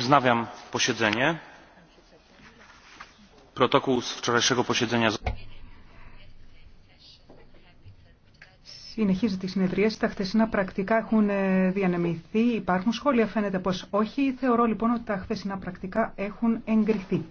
Wznawiam posiedzenie. Protokół z wczorajszego posiedzenia. Συνεχίζεται τη Τα χθεσινά πρακτικά έχουν ε, διανεμηθεί. Υπάρχουν σχόλια, φαίνεται πως όχι. Θεωρώ λοιπόν ότι τα χθεσινά πρακτικά έχουν εγκριθεί.